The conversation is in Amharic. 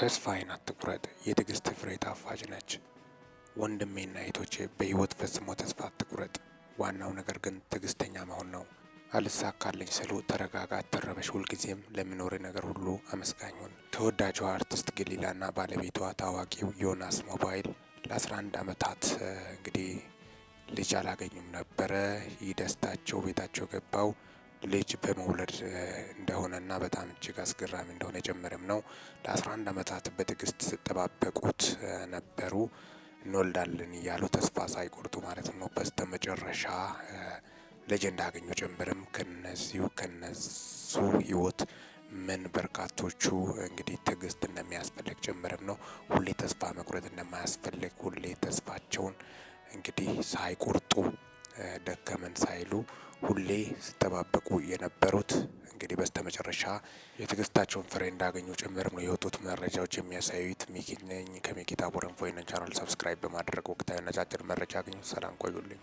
ተስፋዬን አትቁረጥ፣ የትዕግስት ፍሬ ጣፋጭ ነች። ወንድሜና እህቶቼ በህይወት ፈጽሞ ተስፋ አትቁረጥ። ዋናው ነገር ግን ትዕግስተኛ መሆን ነው። አልሳካልኝ ስሉ ተረጋጋ፣ አትረበሽ። ሁልጊዜም ለሚኖር ነገር ሁሉ አመስጋኝ ሁን። ተወዳጇ አርቲስት ገሊላና ባለቤቷ ታዋቂው ዮናስ ሞባይል ለ11 ዓመታት እንግዲህ ልጅ አላገኙም ነበረ። ይህ ደስታቸው ቤታቸው ገባው። ልጅ በመውለድ እንደሆነና በጣም እጅግ አስገራሚ እንደሆነ ጭምርም ነው። ለ11 ዓመታት በትዕግስት ስጠባበቁት ነበሩ። እንወልዳለን እያሉ ተስፋ ሳይቆርጡ ማለት ነው። በስተ መጨረሻ ልጅ እንዳገኙ ጀምርም ከነዚሁ ከነሱ ህይወት ምን በርካቶቹ እንግዲህ ትዕግስት እንደሚያስፈልግ ጀምርም ነው። ሁሌ ተስፋ መቁረጥ እንደማያስፈልግ ሁሌ ተስፋቸውን እንግዲህ ሳይቆርጡ ደከመን ሳይሉ ሁሌ ሲጠባበቁ የነበሩት እንግዲህ በስተመጨረሻ የትግስታቸውን ፍሬ እንዳገኙ ጭምርም ነው የወጡት መረጃዎች የሚያሳዩት። ሚኪ ከሚኪታ ቦረንፎይነን ቻናል ሰብስክራይብ በማድረግ ወቅታዊ ነጫጭር መረጃ አግኙ። ሰላም ቆዩልኝ።